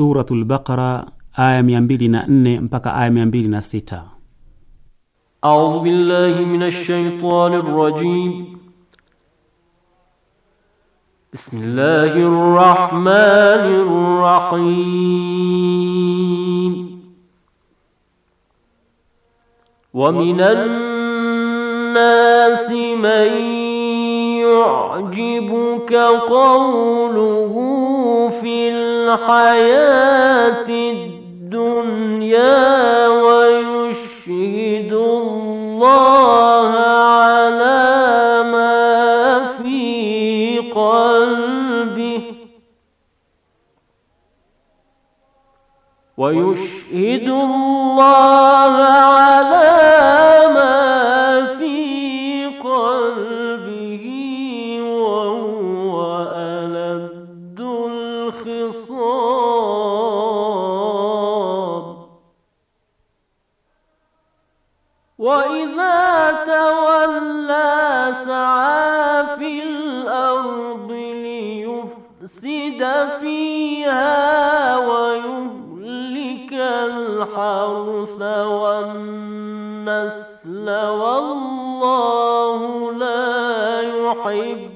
Suratul Baqara aya 204 mpaka aya 206. A'udhu billahi minash shaitanir rajim. Bismillahir rahmanir rahim. Wa minan الناس من يعجبك قوله في الحياة الدنيا ويشهد الله على ما في قلبه ويشهد الله على ويهلك الحرث والنسل والله لا يحب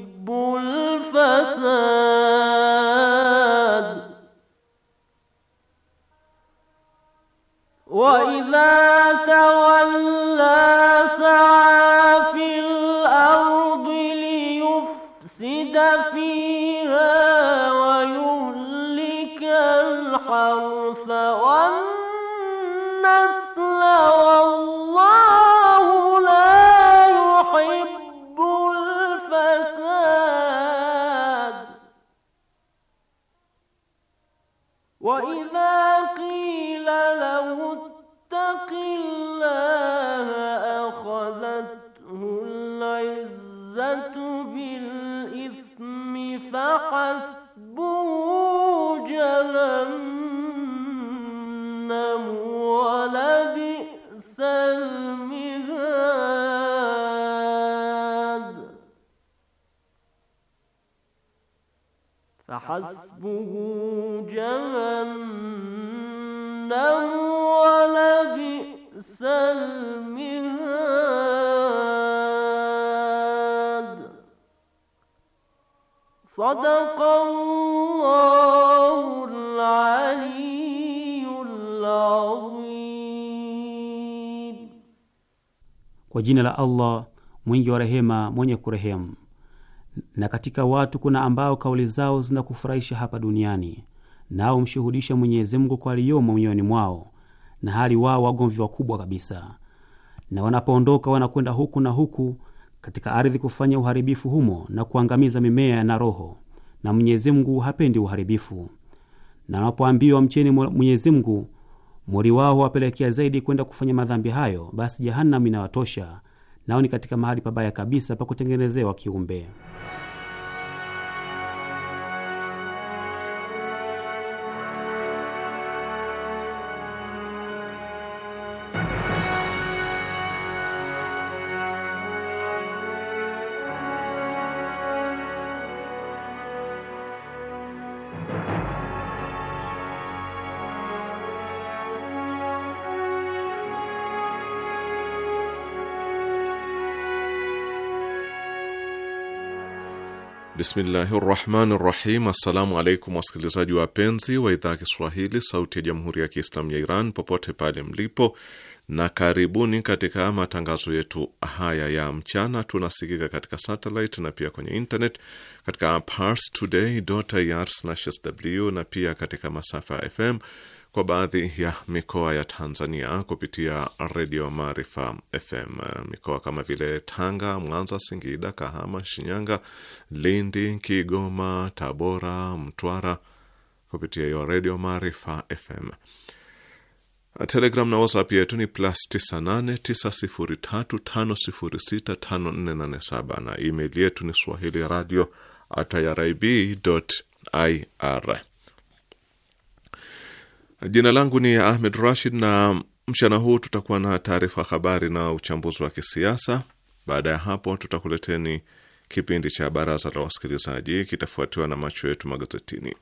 jina la Allah mwingi wa rehema, mwenye kurehemu. Na katika watu kuna ambao kauli zao zinakufurahisha hapa duniani, nao mshuhudisha Mwenyezi Mungu kwa aliyomo mioyoni mwao, na hali wao wagomvi wakubwa kabisa. Na wanapoondoka wanakwenda huku na huku katika ardhi kufanya uharibifu humo na kuangamiza mimea na roho, na Mwenyezi Mungu hapendi uharibifu. Na wanapoambiwa mcheni Mwenyezi Mungu Mori wao huwapelekea zaidi kwenda kufanya madhambi hayo, basi jehanamu inawatosha, nao ni katika mahali pabaya kabisa pa kutengenezewa kiumbe. Bismillahi rahmani rahim. Assalamu alaikum wasikilizaji wapenzi wa idhaa ya Kiswahili sauti ya jamhuri ya Kiislamu ya Iran popote pale mlipo, na karibuni katika matangazo yetu haya ya mchana. Tunasikika katika satellite na pia kwenye internet katika parstoday.ir/sw na pia katika masafa ya FM kwa baadhi ya mikoa ya Tanzania kupitia redio Maarifa FM. Mikoa kama vile Tanga, Mwanza, Singida, Kahama, Shinyanga, Lindi, Kigoma, Tabora, Mtwara kupitia hiyo redio Maarifa FM. Telegram na WhatsApp yetu ni plus 989035065487 na email yetu ni swahili radio at irib.ir. Jina langu ni Ahmed Rashid, na mchana huu tutakuwa na taarifa habari na uchambuzi wa kisiasa. Baada ya hapo, tutakuleteni kipindi cha baraza la wasikilizaji, kitafuatiwa na macho yetu magazetini.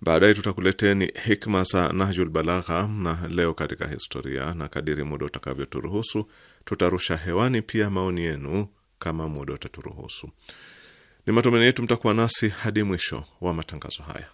Baadaye tutakuleteni hikma za Nahjul Balagha na leo katika historia, na kadiri muda utakavyoturuhusu tutarusha hewani pia maoni yenu kama muda utaturuhusu. Ni matumaini yetu mtakuwa nasi hadi mwisho wa matangazo haya.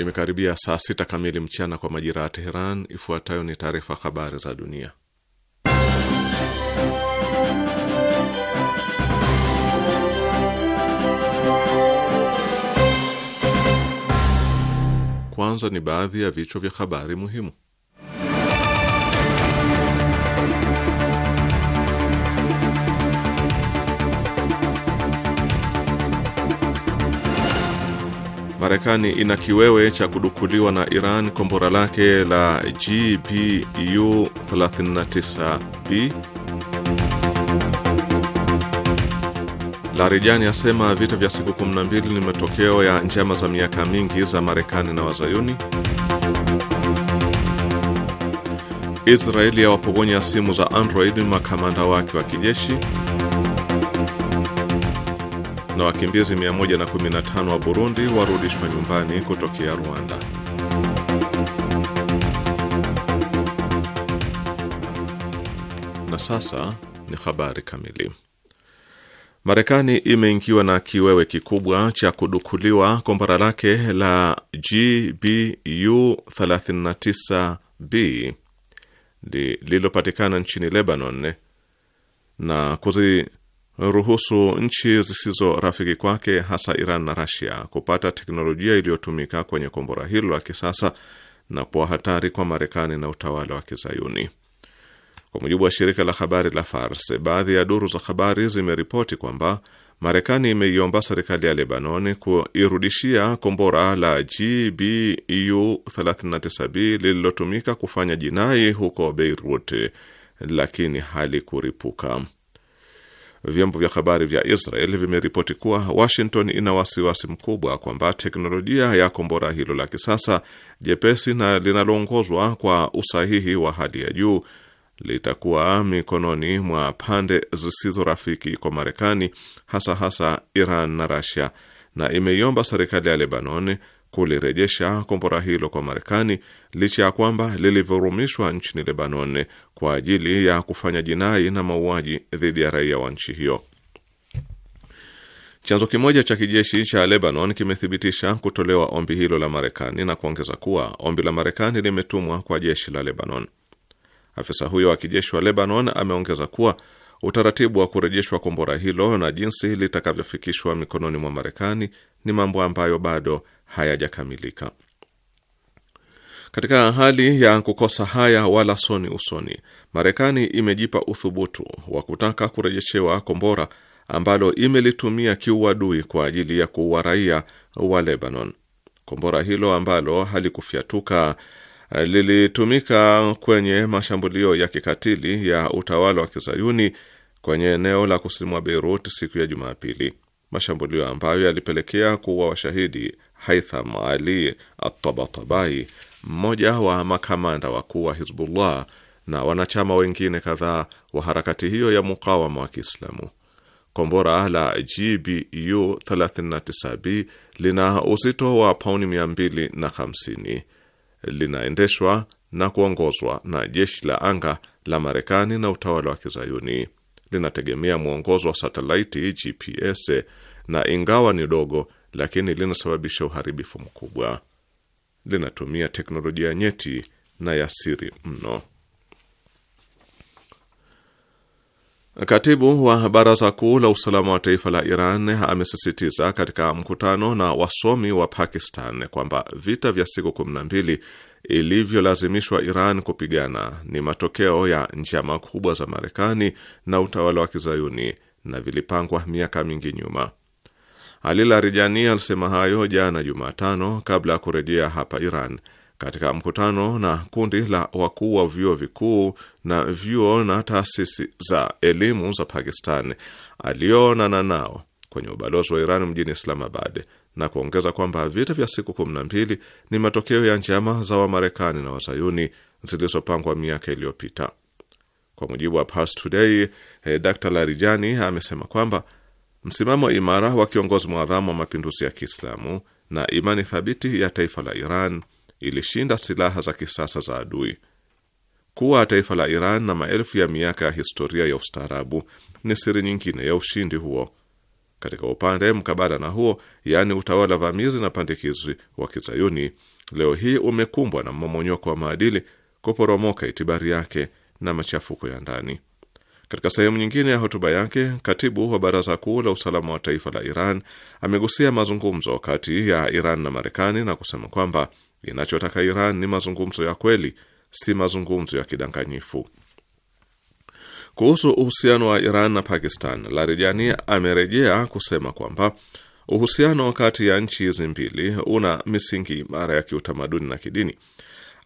Imekaribia saa sita kamili mchana kwa majira ya Teheran. Ifuatayo ni taarifa habari za dunia. Kwanza ni baadhi ya vichwa vya habari muhimu. Marekani ina kiwewe cha kudukuliwa na Iran kombora lake la gpu 39B. Larijani asema vita vya siku 12 ni matokeo ya njama za miaka mingi za Marekani na Wazayuni. Israeli yawapogonya simu za Android makamanda wake wa kijeshi na wakimbizi 115 wa Burundi warudishwa nyumbani kutokea Rwanda. Na sasa ni habari kamili. Marekani imeingiwa na kiwewe kikubwa cha kudukuliwa kombora lake la GBU 39B lililopatikana nchini Lebanon na kuzi ruhusu nchi zisizo rafiki kwake hasa Iran na Rasia kupata teknolojia iliyotumika kwenye kombora hilo la kisasa na kuwa hatari kwa Marekani na utawala wa Kizayuni. Kwa mujibu wa shirika la habari la Fars, baadhi ya duru za habari zimeripoti kwamba Marekani imeiomba serikali ya Lebanoni kuirudishia kombora la GBU 39B lililotumika kufanya jinai huko Beirut, lakini halikuripuka. Vyombo vya habari vya Israel vimeripoti kuwa Washington ina wasiwasi mkubwa kwamba teknolojia ya kombora hilo la kisasa jepesi na linaloongozwa kwa usahihi wa hali ya juu litakuwa mikononi mwa pande zisizo rafiki kwa Marekani, hasa hasa Iran na Russia, na imeiomba serikali ya Lebanon kulirejesha kombora hilo kwa Marekani licha ya kwamba lilivurumishwa nchini Lebanon kwa ajili ya kufanya jinai na mauaji dhidi ya raia wa nchi hiyo. Chanzo kimoja cha kijeshi cha Lebanon kimethibitisha kutolewa ombi hilo la Marekani na kuongeza kuwa ombi la Marekani limetumwa kwa jeshi la Lebanon. Afisa huyo wa kijeshi wa Lebanon ameongeza kuwa utaratibu wa kurejeshwa kombora hilo na jinsi litakavyofikishwa mikononi mwa Marekani ni mambo ambayo bado hayajakamilika. Katika hali ya kukosa haya wala soni usoni, Marekani imejipa uthubutu wa kutaka kurejeshewa kombora ambalo imelitumia kiuadui kwa ajili ya kuua raia wa Lebanon. Kombora hilo ambalo halikufyatuka eh, lilitumika kwenye mashambulio ya kikatili ya utawala wa kizayuni kwenye eneo la kusini mwa Beirut siku ya Jumapili, mashambulio ambayo yalipelekea kuwa washahidi Haitham Ali Atabatabai, mmoja wa makamanda wakuu wa Hizbullah na wanachama wengine kadhaa wa harakati hiyo ya mukawama wa Kiislamu. Kombora la GBU 39B lina uzito wa pauni 250 linaendeshwa na kuongozwa na jeshi la anga la Marekani na utawala wa Kizayuni. Linategemea mwongozo wa satelaiti GPS na ingawa ni dogo lakini linasababisha uharibifu mkubwa. Linatumia teknolojia nyeti na ya siri mno. Katibu wa Baraza Kuu la Usalama wa Taifa la Iran amesisitiza katika mkutano na wasomi wa Pakistan kwamba vita vya siku 12 ilivyolazimishwa Iran kupigana ni matokeo ya njama kubwa za Marekani na utawala wa Kizayuni na vilipangwa miaka mingi nyuma. Alila Rijani alisema hayo jana Jumatano kabla ya kurejea hapa Iran katika mkutano na kundi la wakuu wa vyuo vikuu na vyuo na taasisi za elimu za Pakistan aliyoonana nao kwenye ubalozi wa Iran mjini Islamabad na kuongeza kwamba vita vya siku 12 ni matokeo ya njama za Wamarekani na Wazayuni zilizopangwa miaka iliyopita. Kwa mujibu wa Pars Today, eh, Dr Larijani amesema kwamba Msimamo imara wa kiongozi mwadhamu wa mapinduzi ya Kiislamu na imani thabiti ya taifa la Iran ilishinda silaha za kisasa za adui. Kuwa taifa la Iran na maelfu ya miaka ya historia ya ustaarabu ni siri nyingine ya ushindi huo. Katika upande mkabala na huo, yaani utawala vamizi na pandikizi wa Kizayuni, leo hii umekumbwa na mmomonyoko wa maadili, kuporomoka itibari yake na machafuko ya ndani. Katika sehemu nyingine ya hotuba yake, katibu wa baraza kuu la usalama wa taifa la Iran amegusia mazungumzo kati ya Iran na Marekani na kusema kwamba inachotaka Iran ni mazungumzo ya kweli, si mazungumzo ya kidanganyifu. Kuhusu uhusiano wa Iran na Pakistan, Larijani amerejea kusema kwamba uhusiano kati ya nchi hizi mbili una misingi imara ya kiutamaduni na kidini,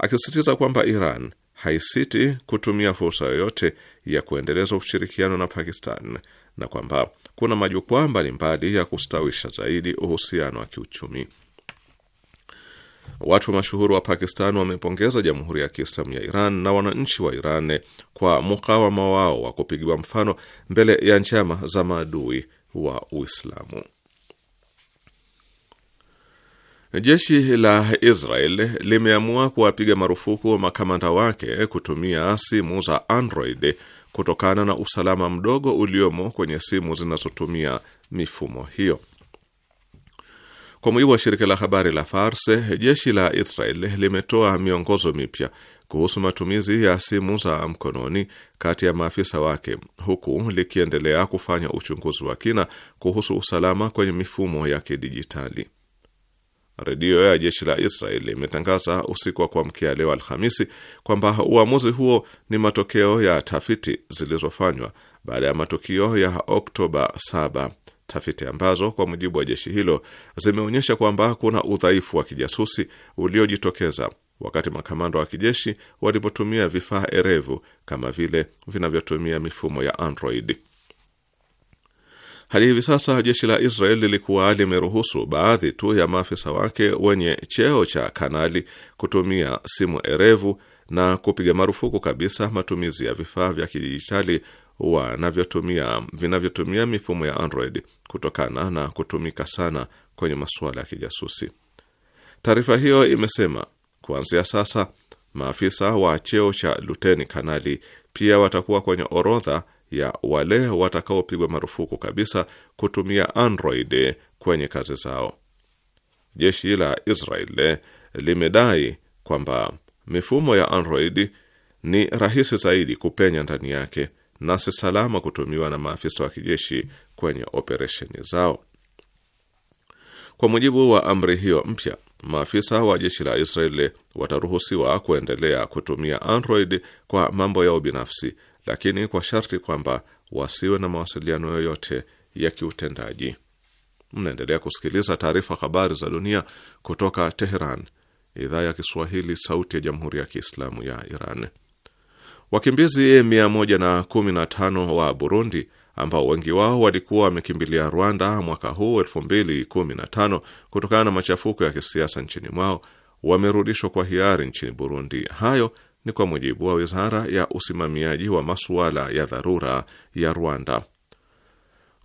akisisitiza kwamba Iran haisiti kutumia fursa yoyote ya kuendeleza ushirikiano na Pakistan na kwamba kuna majukwaa mbalimbali ya kustawisha zaidi uhusiano wa kiuchumi. Watu mashuhuri wa Pakistan wamepongeza Jamhuri ya Kiislamu ya Iran na wananchi wa Iran kwa mukawama wao wa kupigiwa mfano mbele ya njama za maadui wa Uislamu. Jeshi la Israel limeamua kuwapiga marufuku makamanda wake kutumia simu za Android kutokana na usalama mdogo uliomo kwenye simu zinazotumia mifumo hiyo. Kwa mujibu wa shirika la habari la Farse, jeshi la Israel limetoa miongozo mipya kuhusu matumizi ya simu za mkononi kati ya maafisa wake, huku likiendelea kufanya uchunguzi wa kina kuhusu usalama kwenye mifumo ya kidijitali. Redio ya jeshi la Israeli imetangaza usiku wa kuamkia leo Alhamisi kwamba uamuzi huo ni matokeo ya tafiti zilizofanywa baada ya matukio ya Oktoba 7, tafiti ambazo kwa mujibu wa jeshi hilo zimeonyesha kwamba kuna udhaifu wa kijasusi uliojitokeza wakati makamanda wa kijeshi walipotumia vifaa erevu kama vile vinavyotumia mifumo ya Android. Hadi hivi sasa jeshi la Israel lilikuwa limeruhusu baadhi tu ya maafisa wake wenye cheo cha kanali kutumia simu erevu na kupiga marufuku kabisa matumizi ya vifaa vya kidijitali wanavyotumia vinavyotumia mifumo ya Android kutokana na kutumika sana kwenye masuala ya kijasusi. Taarifa hiyo imesema kuanzia sasa maafisa wa cheo cha luteni kanali pia watakuwa kwenye orodha ya wale watakaopigwa marufuku kabisa kutumia Android kwenye kazi zao. Jeshi la Israel limedai kwamba mifumo ya Android ni rahisi zaidi kupenya ndani yake na si salama kutumiwa na maafisa wa kijeshi kwenye operesheni zao. Kwa mujibu wa amri hiyo mpya, maafisa wa jeshi la Israeli wataruhusiwa kuendelea kutumia Android kwa mambo yao binafsi lakini kwa sharti kwamba wasiwe na mawasiliano yoyote ya kiutendaji. Mnaendelea kusikiliza taarifa habari za dunia kutoka Teheran, idhaa ya Kiswahili, sauti ya jamhuri ya kiislamu ya Iran. Wakimbizi 115 wa Burundi ambao wengi wao walikuwa wamekimbilia Rwanda mwaka huu 2015 kutokana na machafuko ya kisiasa nchini mwao wamerudishwa kwa hiari nchini Burundi. Hayo ni kwa mujibu wa wizara ya usimamiaji wa masuala ya dharura ya Rwanda.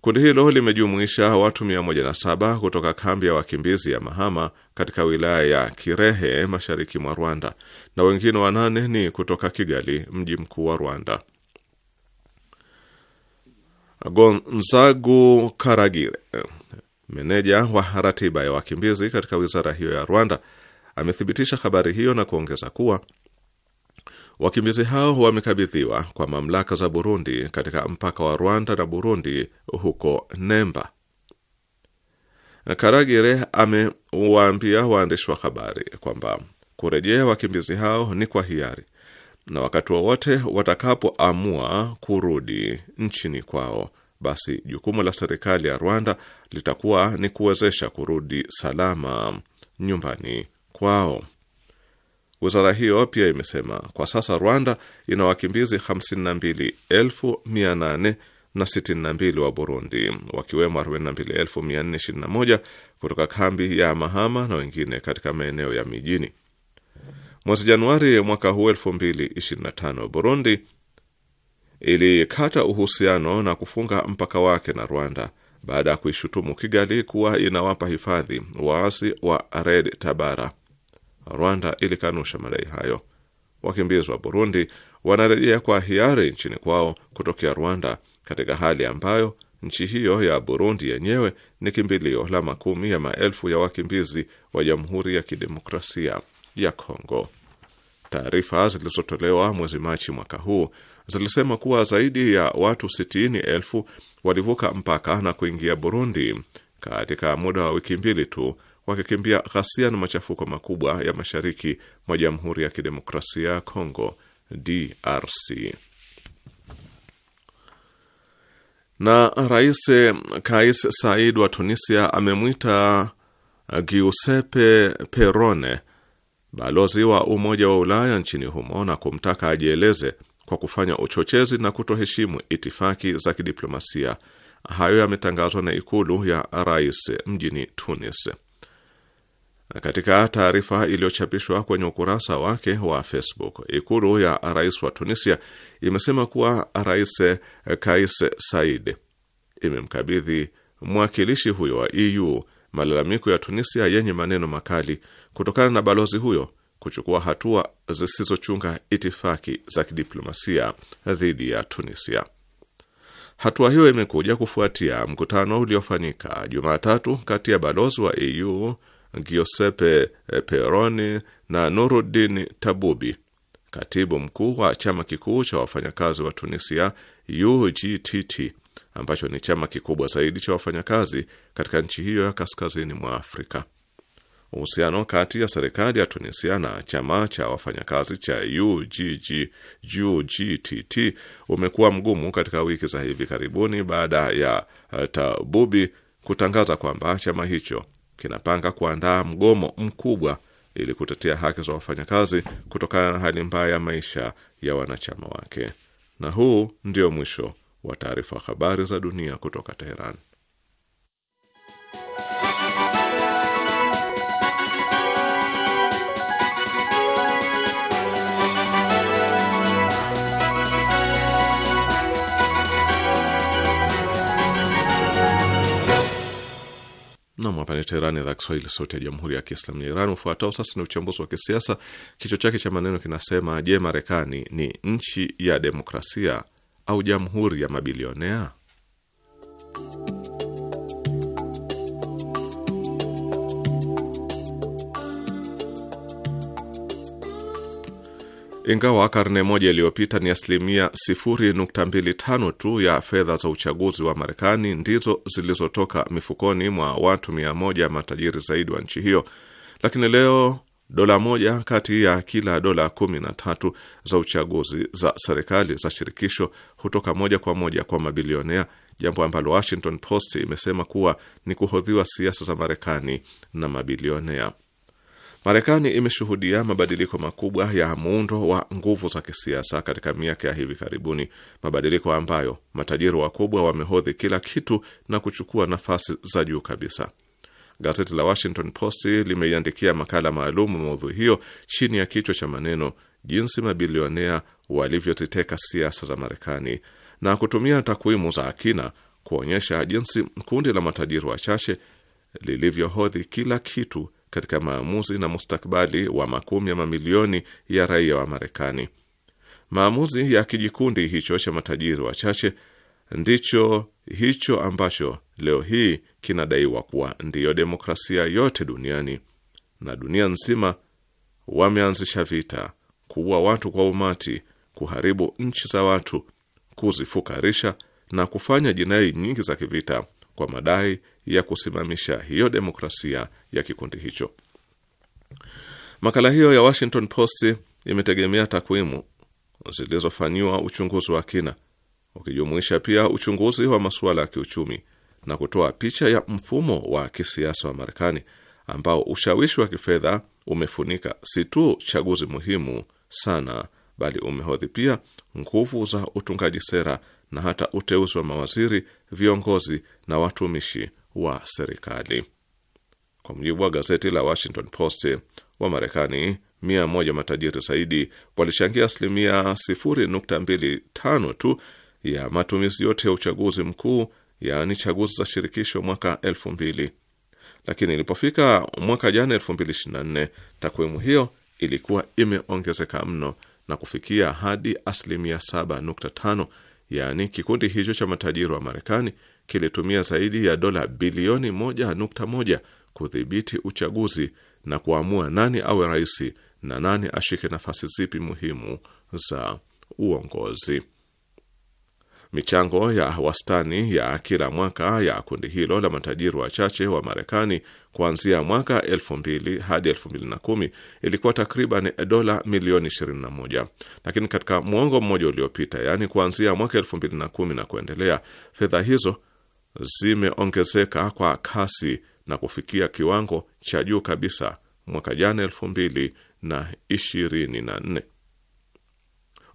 Kundi hilo limejumuisha watu 107 kutoka kambi ya wakimbizi ya Mahama katika wilaya ya Kirehe mashariki mwa Rwanda na wengine wanane ni kutoka Kigali, mji mkuu wa Rwanda. Gonzagu Karagire, meneja wa ratiba ya wakimbizi katika wizara hiyo ya Rwanda, amethibitisha habari hiyo na kuongeza kuwa Wakimbizi hao wamekabidhiwa kwa mamlaka za Burundi katika mpaka wa Rwanda na Burundi huko Nemba. Karagire amewaambia waandishi wa habari kwamba kurejea wakimbizi hao ni kwa hiari na wakati wowote wa watakapoamua kurudi nchini kwao, basi jukumu la serikali ya Rwanda litakuwa ni kuwezesha kurudi salama nyumbani kwao. Wizara hiyo pia imesema kwa sasa Rwanda ina wakimbizi 52,862 wa Burundi, wakiwemo 42,421 kutoka kambi ya Mahama na wengine katika maeneo ya mijini. Mwezi Januari mwaka huu 2025 Burundi ilikata uhusiano na kufunga mpaka wake na Rwanda baada ya kuishutumu Kigali kuwa inawapa hifadhi waasi wa Red Tabara Rwanda ilikanusha madai hayo. Wakimbizi wa Burundi wanarejea kwa hiari nchini kwao kutokea Rwanda katika hali ambayo nchi hiyo ya Burundi yenyewe ni kimbilio la makumi ya maelfu ya wakimbizi wa Jamhuri ya Kidemokrasia ya Kongo. Taarifa zilizotolewa mwezi Machi mwaka huu zilisema kuwa zaidi ya watu sitini elfu walivuka mpaka na kuingia Burundi katika muda wa wiki mbili tu wakikimbia ghasia na machafuko makubwa ya mashariki mwa Jamhuri ya Kidemokrasia ya Kongo DRC. Na Rais Kais Said wa Tunisia amemwita Giuseppe Perone, balozi wa Umoja wa Ulaya nchini humo, na kumtaka ajieleze kwa kufanya uchochezi na kutoheshimu itifaki za kidiplomasia. Hayo yametangazwa na ikulu ya rais mjini Tunis. Katika taarifa iliyochapishwa kwenye ukurasa wake wa Facebook, ikulu ya rais wa Tunisia imesema kuwa Rais Kais Said imemkabidhi mwakilishi huyo wa EU malalamiko ya Tunisia yenye maneno makali kutokana na balozi huyo kuchukua hatua zisizochunga itifaki za kidiplomasia dhidi ya Tunisia. Hatua hiyo imekuja kufuatia mkutano uliofanyika Jumatatu kati ya balozi wa EU Giuseppe eh, Peroni na Nuruddin Tabubi, katibu mkuu wa chama kikuu cha wafanyakazi wa Tunisia UGTT, ambacho ni chama kikubwa zaidi cha wafanyakazi katika nchi hiyo ya kaskazini mwa Afrika. Uhusiano kati ya serikali ya Tunisia na chama cha wafanyakazi cha UGG, UGTT umekuwa mgumu katika wiki za hivi karibuni baada ya eh, Tabubi kutangaza kwamba chama hicho kinapanga kuandaa mgomo mkubwa ili kutetea haki za wafanyakazi kutokana na hali mbaya ya maisha ya wanachama wake. Na huu ndio mwisho wa taarifa habari za dunia kutoka Teheran. Nam, hapa ni Teherani, idhaa Kiswahili, sauti ya jamhuri ya kiislamu ya Iran. Ufuatao sasa ni uchambuzi wa kisiasa, kichwa chake cha maneno kinasema: Je, Marekani ni nchi ya demokrasia au jamhuri ya mabilionea? Ingawa karne moja iliyopita ni asilimia 0.25 tu ya fedha za uchaguzi wa Marekani ndizo zilizotoka mifukoni mwa watu 100 matajiri zaidi wa nchi hiyo, lakini leo dola moja kati ya kila dola 13 za uchaguzi za serikali za shirikisho hutoka moja kwa moja kwa mabilionea, jambo ambalo Washington Post imesema kuwa ni kuhodhiwa siasa za Marekani na mabilionea. Marekani imeshuhudia mabadiliko makubwa ya muundo wa nguvu za kisiasa katika miaka ya hivi karibuni, mabadiliko ambayo matajiri wakubwa wamehodhi kila kitu na kuchukua nafasi za juu kabisa. Gazeti la Washington Post limeiandikia makala maalum maudhui hiyo chini ya kichwa cha maneno jinsi mabilionea walivyoziteka siasa za Marekani na kutumia takwimu za akina kuonyesha jinsi kundi la matajiri wachache lilivyohodhi kila kitu katika maamuzi na mustakbali wa makumi ya mamilioni ya raia wa Marekani. Maamuzi ya kijikundi hicho cha matajiri wachache ndicho hicho ambacho leo hii kinadaiwa kuwa ndiyo demokrasia yote duniani, na dunia nzima wameanzisha vita, kuua watu kwa umati, kuharibu nchi za watu, kuzifukarisha na kufanya jinai nyingi za kivita kwa madai ya kusimamisha hiyo demokrasia ya kikundi hicho. Makala hiyo ya Washington Post imetegemea takwimu zilizofanyiwa uchunguzi wa kina ukijumuisha pia uchunguzi wa masuala ya kiuchumi na kutoa picha ya mfumo wa kisiasa wa Marekani ambao ushawishi wa kifedha umefunika si tu chaguzi muhimu sana, bali umehodhi pia nguvu za utungaji sera na hata uteuzi wa mawaziri, viongozi na watumishi wa serikali. Kwa mujibu wa gazeti la Washington Post, wa Marekani mia moja matajiri zaidi walichangia asilimia 0.25 tu ya matumizi yote ya uchaguzi mkuu, yaani chaguzi za shirikisho mwaka 2000, lakini ilipofika mwaka jana 2024, takwimu hiyo ilikuwa imeongezeka mno na kufikia hadi asilimia 7.5 yaani kikundi hicho cha matajiri wa Marekani kilitumia zaidi ya dola bilioni moja nukta moja kudhibiti uchaguzi na kuamua nani awe rais na nani ashike nafasi zipi muhimu za uongozi. Michango ya wastani ya kila mwaka ya kundi hilo la matajiri wachache wa Marekani kuanzia mwaka 2000 hadi 2010 ilikuwa takriban dola milioni 21, lakini katika mwongo mmoja uliopita, yaani kuanzia mwaka 2010 na kuendelea, fedha hizo zimeongezeka kwa kasi na kufikia kiwango cha juu kabisa mwaka jana 2024.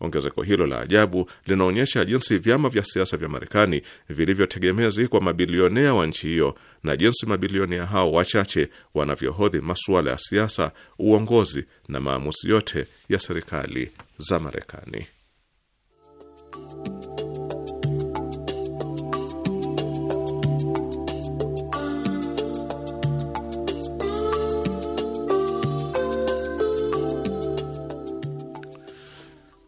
Ongezeko hilo la ajabu linaonyesha jinsi vyama vya siasa vya Marekani vilivyotegemezi kwa mabilionea wa nchi hiyo na jinsi mabilionea hao wachache wanavyohodhi masuala ya siasa, uongozi na maamuzi yote ya serikali za Marekani.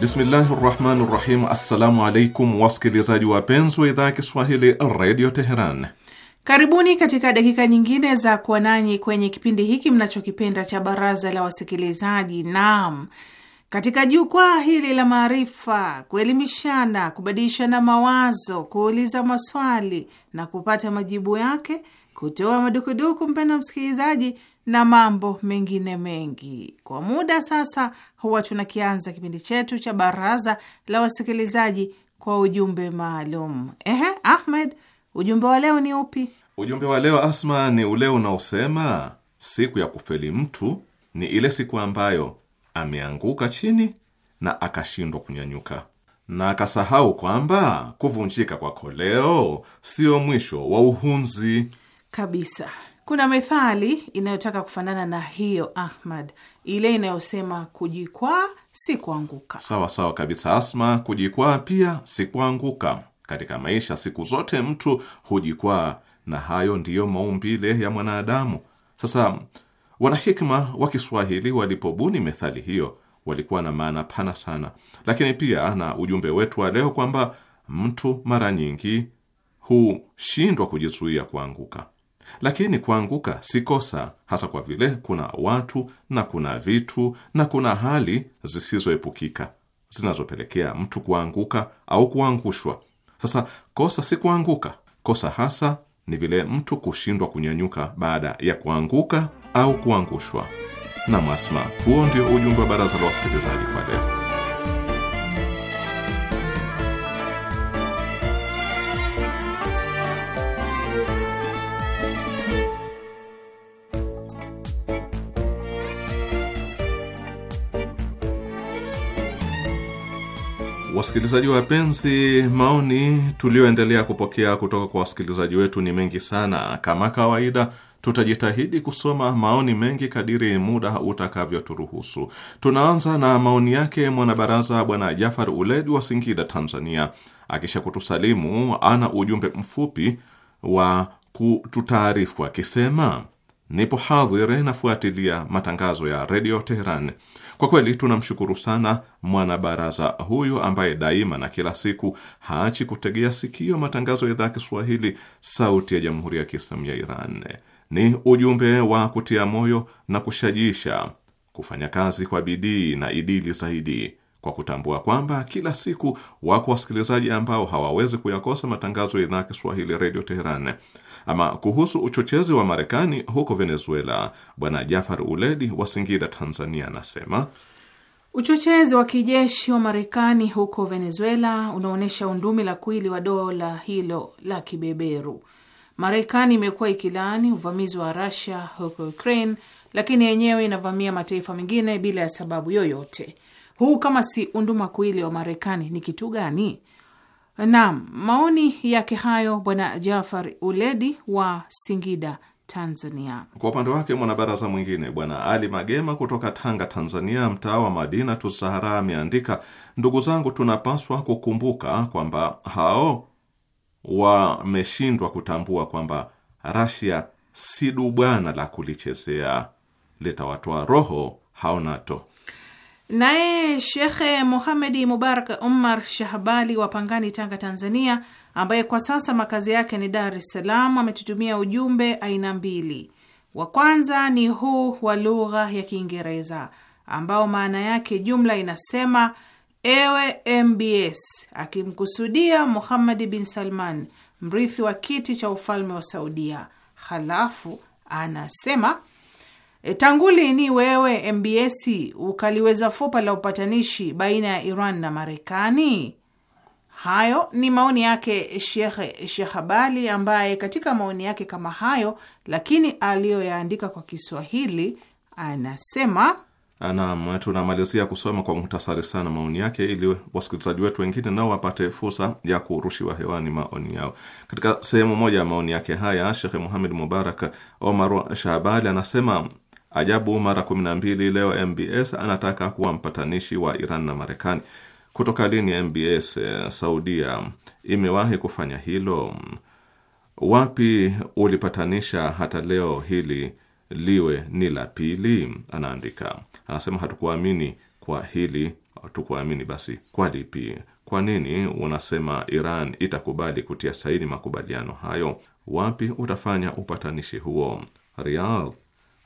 Bismillahi rahmani rahim. Assalamu alaikum wasikilizaji wapenzi wa idhaa ya Kiswahili Radio Teheran, karibuni katika dakika nyingine za kuwa nanyi kwenye kipindi hiki mnachokipenda cha baraza la wasikilizaji. Naam, katika jukwaa hili la maarifa, kuelimishana, kubadilishana mawazo, kuuliza maswali na kupata majibu yake, kutoa madukuduku, mpenda msikilizaji na mambo mengine mengi. Kwa muda sasa, huwa tunakianza kipindi chetu cha baraza la wasikilizaji kwa ujumbe maalum. Ehe, Ahmed, ujumbe wa leo ni upi? Ujumbe wa leo Asma, ni ule unaosema siku ya kufeli mtu ni ile siku ambayo ameanguka chini na akashindwa kunyanyuka na akasahau kwamba kuvunjika kwako leo sio mwisho wa uhunzi kabisa. Kuna methali inayotaka kufanana na hiyo Ahmad, ile inayosema kujikwaa si kuanguka. Sawa sawa kabisa, Asma. Kujikwaa pia si kuanguka. Katika maisha siku zote mtu hujikwaa, na hayo ndiyo maumbile ya mwanadamu. Sasa wanahikma wa Kiswahili walipobuni methali hiyo walikuwa na maana pana sana, lakini pia na ujumbe wetu wa leo kwamba mtu mara nyingi hushindwa kujizuia kuanguka. Lakini kuanguka si kosa, hasa kwa vile kuna watu na kuna vitu na kuna hali zisizoepukika zinazopelekea mtu kuanguka au kuangushwa. Sasa kosa si kuanguka, kosa hasa ni vile mtu kushindwa kunyanyuka baada ya kuanguka au kuangushwa. Na Masma, huo ndio ujumbe wa baraza la wasikilizaji kwa leo. Wasikilizaji wapenzi, maoni tulioendelea kupokea kutoka kwa wasikilizaji wetu ni mengi sana. Kama kawaida, tutajitahidi kusoma maoni mengi kadiri muda utakavyoturuhusu. Tunaanza na maoni yake mwanabaraza Bwana Jafar Uledi wa Singida, Tanzania. Akisha kutusalimu, ana ujumbe mfupi wa kututaarifu akisema, nipo hadhire, nafuatilia matangazo ya Redio Teheran. Kwa kweli tunamshukuru sana mwanabaraza huyu ambaye daima na kila siku haachi kutegea sikio matangazo ya idhaa ya Kiswahili, Sauti ya Jamhuri ya Kiislamu ya Iran. Ni ujumbe wa kutia moyo na kushajisha kufanya kazi kwa bidii na idili zaidi, kwa kutambua kwamba kila siku wako wasikilizaji ambao hawawezi kuyakosa matangazo ya idhaa ya Kiswahili Redio Teheran ama kuhusu uchochezi wa Marekani huko Venezuela, Bwana Jafar Uledi wa Singida, Tanzania, anasema uchochezi wa kijeshi wa Marekani huko Venezuela unaonyesha undumi la kwili wa dola hilo la kibeberu. Marekani imekuwa ikilaani uvamizi wa rasia huko Ukraine, lakini yenyewe inavamia mataifa mengine bila ya sababu yoyote. Huu kama si unduma kuili wa Marekani ni kitu gani? Naam, maoni yake hayo Bwana Jafar Uledi wa Singida, Tanzania. Kwa upande wake mwanabaraza mwingine Bwana Ali Magema kutoka Tanga, Tanzania, mtaa wa Madina Tusahara ameandika, ndugu zangu, tunapaswa kukumbuka kwamba hao wameshindwa kutambua kwamba Rasia si dubwana la kulichezea, litawatoa roho hao NATO. Naye Shekhe muhamedi Mubarak umar Shahbali wa Pangani, Tanga, Tanzania, ambaye kwa sasa makazi yake ni Dar es Salaam, ametutumia ujumbe aina mbili. Wa kwanza ni huu wa lugha ya Kiingereza ambao maana yake jumla inasema: ewe MBS, akimkusudia Muhammad bin Salman, mrithi wa kiti cha ufalme wa Saudia. Halafu anasema E, tanguli ni wewe MBS ukaliweza fupa la upatanishi baina ya Iran na Marekani? Hayo ni maoni yake Sheikh Shehabali, ambaye katika maoni yake kama hayo, lakini aliyoyaandika kwa Kiswahili anasema Naam, tunamalizia kusoma kwa muhtasari sana maoni yake ili wasikilizaji wetu wengine nao wapate fursa ya kurushiwa hewani maoni yao. Katika sehemu moja ya maoni yake haya, Shekhe Muhamed Mubarak Omar Shabali anasema Ajabu mara kumi na mbili leo MBS anataka kuwa mpatanishi wa Iran na Marekani. Kutoka lini MBS eh, Saudia imewahi kufanya hilo? Wapi ulipatanisha hata leo hili liwe ni la pili? Anaandika, anasema hatukuamini kwa hili, hatukuamini basi kwa lipi? Kwa nini unasema Iran itakubali kutia saini makubaliano hayo? Wapi utafanya upatanishi huo? Riyadh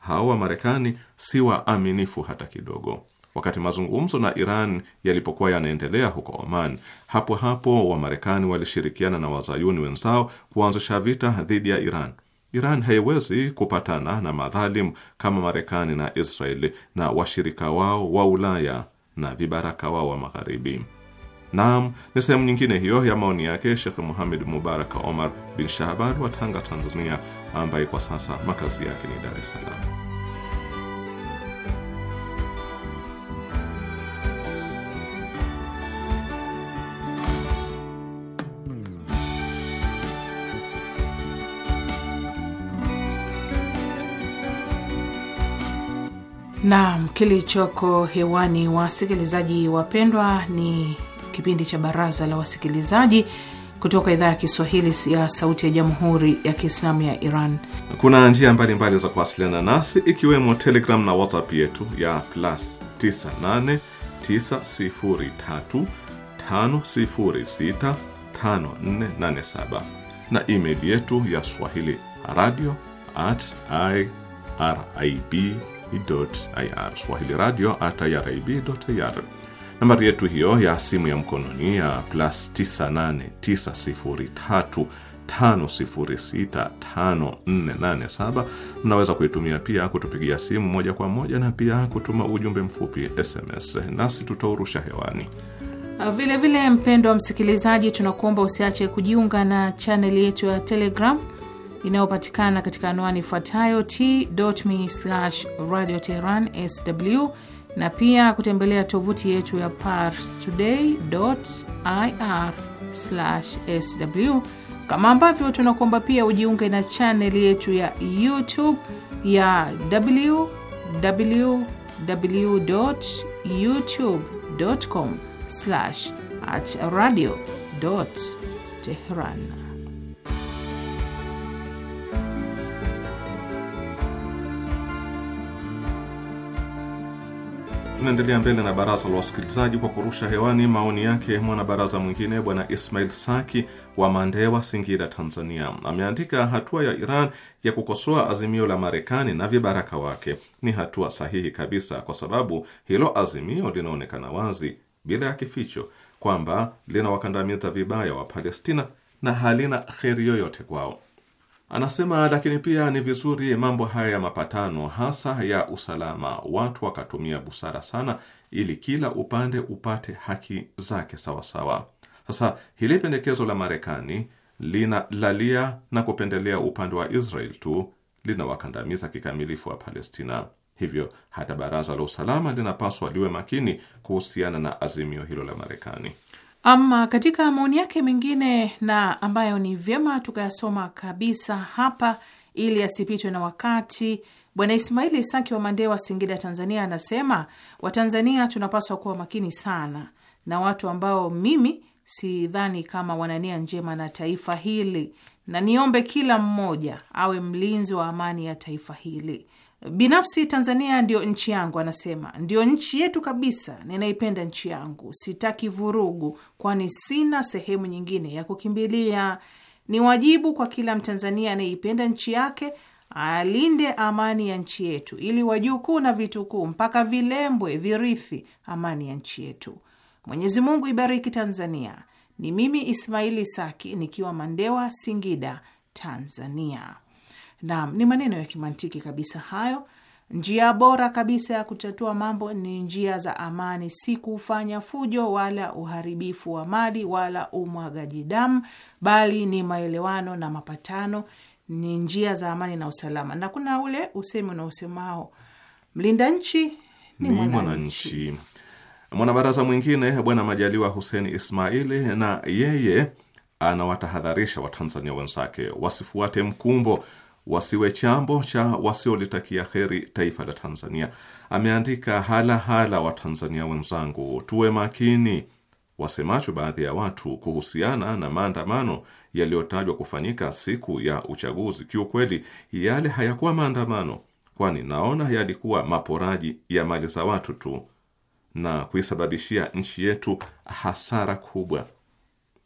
wa Marekani si waaminifu hata kidogo. Wakati mazungumzo na Iran yalipokuwa yanaendelea huko Oman, hapo hapo Wamarekani walishirikiana na wazayuni wenzao kuanzisha vita dhidi ya Iran. Iran haiwezi kupatana na madhalimu kama Marekani na Israeli na washirika wao wa Ulaya na vibaraka wao wa Magharibi. Naam, ni sehemu nyingine hiyo ya maoni yake Shekh Muhamed Mubarak Omar bin Shahbal wa Tanga, Tanzania ambaye kwa sasa makazi yake ni Dar es Salaam. Naam, kilichoko hewani, wasikilizaji wapendwa, ni kipindi cha Baraza la Wasikilizaji kutoka idhaa ya Kiswahili ya Sauti ya Jamhuri ya Kiislamu ya Iran. Kuna njia mbalimbali mbali za kuwasiliana nasi, ikiwemo Telegram na WhatsApp yetu ya plus 989035065487 na email yetu ya swahili radio at irib ir, swahili radio at irib ir Nambari yetu hiyo ya simu ya mkononi ya plus 989035065487 mnaweza kuitumia pia kutupigia simu moja kwa moja na pia kutuma ujumbe mfupi SMS, nasi tutaurusha hewani. Vilevile uh, vile, mpendo wa msikilizaji, tunakuomba usiache kujiunga na chaneli yetu ya Telegram inayopatikana katika anwani ifuatayo t.me/radio sw na pia kutembelea tovuti yetu ya parstoday.ir/sw, kama ambavyo tunakuomba pia ujiunge na chaneli yetu ya YouTube ya www.youtube.com/radio Tehran. Tunaendelea mbele na baraza la wasikilizaji kwa kurusha hewani maoni yake mwanabaraza mwingine bwana Ismail Saki wa Mandewa, Singida, Tanzania. Ameandika, hatua ya Iran ya kukosoa azimio la Marekani na vibaraka wake ni hatua sahihi kabisa, kwa sababu hilo azimio linaonekana wazi bila ya kificho kwamba linawakandamiza vibaya wa Palestina na halina kheri yoyote kwao. Anasema lakini pia ni vizuri mambo haya ya mapatano, hasa ya usalama, watu wakatumia busara sana, ili kila upande upate haki zake sawasawa. Sasa hili pendekezo la Marekani linalalia na kupendelea upande wa Israel tu, linawakandamiza kikamilifu wa Palestina. Hivyo hata baraza la usalama linapaswa liwe makini kuhusiana na azimio hilo la Marekani. Ama katika maoni yake mengine na ambayo ni vyema tukayasoma kabisa hapa ili asipitwe na wakati, Bwana Ismaili saki wa Mandewa, Singida, Tanzania, anasema Watanzania tunapaswa kuwa makini sana na watu ambao mimi sidhani kama wanania njema na taifa hili, na niombe kila mmoja awe mlinzi wa amani ya taifa hili. Binafsi Tanzania ndiyo nchi yangu, anasema ndiyo nchi yetu kabisa. Ninaipenda nchi yangu, sitaki vurugu, kwani sina sehemu nyingine ya kukimbilia. Ni wajibu kwa kila Mtanzania anayeipenda nchi yake alinde amani ya nchi yetu, ili wajukuu na vitukuu mpaka vilembwe virithi amani ya nchi yetu. Mwenyezi Mungu ibariki Tanzania. Ni mimi Ismaili Saki nikiwa Mandewa, Singida, Tanzania. Naam, ni maneno ya kimantiki kabisa hayo. Njia bora kabisa ya kutatua mambo ni njia za amani, si kufanya fujo wala uharibifu wa mali wala umwagaji damu, bali ni maelewano na mapatano, ni njia za amani na usalama. Na kuna ule usemi unaosemao mlinda nchi ni mwananchi. Mwanabaraza mwingine Bwana Majaliwa Hussein Ismaili, na yeye anawatahadharisha Watanzania wenzake wasifuate mkumbo wasiwe chambo cha wasiolitakia heri taifa la Tanzania. Ameandika, hala hala Watanzania wenzangu, tuwe makini wasemacho baadhi ya watu kuhusiana na maandamano yaliyotajwa kufanyika siku ya uchaguzi. Kiukweli yale hayakuwa maandamano, kwani naona yalikuwa maporaji ya mali za watu tu na kuisababishia nchi yetu hasara kubwa.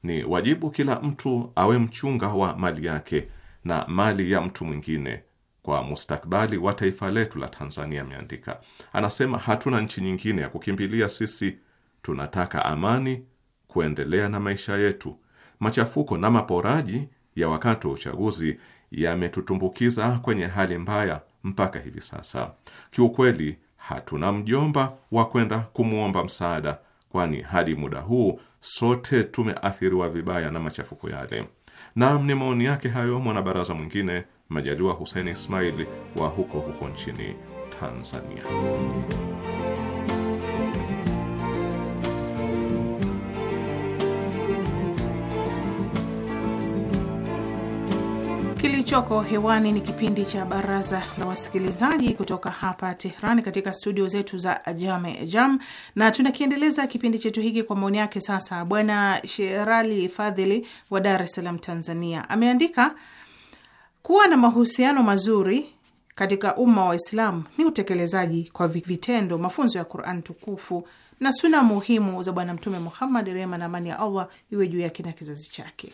Ni wajibu kila mtu awe mchunga wa mali yake na mali ya mtu mwingine kwa mustakbali wa taifa letu la Tanzania, ameandika. Anasema hatuna nchi nyingine ya kukimbilia sisi, tunataka amani, kuendelea na maisha yetu. Machafuko na maporaji ya wakati wa uchaguzi yametutumbukiza kwenye hali mbaya mpaka hivi sasa. Kiukweli hatuna mjomba wa kwenda kumwomba msaada, kwani hadi muda huu sote tumeathiriwa vibaya na machafuko yale. Naam, ni maoni yake hayo mwanabaraza mwingine Majaliwa Hussein Ismail wa huko huko nchini Tanzania. Kilichoko hewani ni kipindi cha Baraza la Wasikilizaji kutoka hapa tehran katika studio zetu za Jame Jam, na tunakiendeleza kipindi chetu hiki kwa maoni yake. Sasa Bwana Sherali Fadhili wa Dar es Salaam, Tanzania, ameandika kuwa na mahusiano mazuri katika umma wa islam ni utekelezaji kwa vitendo mafunzo ya Quran tukufu na suna muhimu za Bwana Mtume Muhammad, rehma na amani ya Allah iwe juu yake na kizazi chake.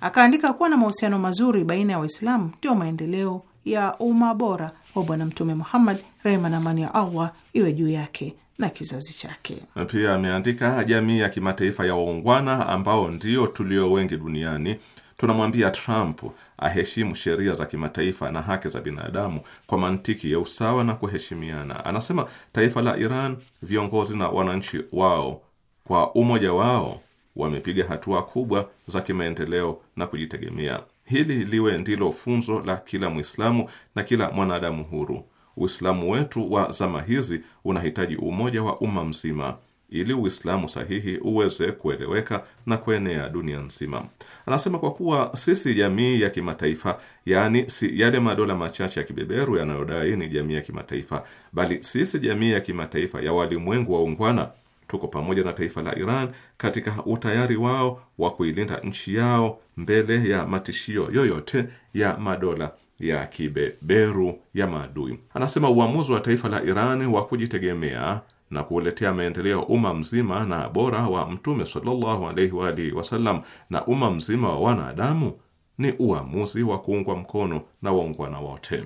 Akaandika kuwa na mahusiano mazuri baina ya Waislamu ndio maendeleo ya umma bora wa Bwana Mtume Muhammad, rehma na amani ya Allah iwe juu yake na kizazi chake. Pia ameandika jamii ya kimataifa ya waungwana ambao ndio tulio wengi duniani tunamwambia Trump aheshimu sheria za kimataifa na haki za binadamu kwa mantiki ya usawa na kuheshimiana. Anasema taifa la Iran, viongozi na wananchi wao kwa umoja wao wamepiga hatua kubwa za kimaendeleo na kujitegemea. Hili liwe ndilo funzo la kila Mwislamu na kila mwanadamu huru. Uislamu wetu wa zama hizi unahitaji umoja wa umma mzima ili Uislamu sahihi uweze kueleweka na kuenea dunia nzima. Anasema kwa kuwa sisi jamii ya kimataifa, yaani si yale madola machache ya kibeberu yanayodai ni jamii ya kimataifa, bali sisi jamii ya kimataifa ya walimwengu waungwana, tuko pamoja na taifa la Iran katika utayari wao wa kuilinda nchi yao mbele ya matishio yoyote ya madola ya kibeberu ya maadui. Anasema uamuzi wa taifa la Iran wa kujitegemea na kuuletea maendeleo umma mzima na bora wa Mtume sallallahu alaihi wa alihi wasallam na umma mzima wa wanadamu ni uamuzi wa kuungwa mkono na waungwana wote.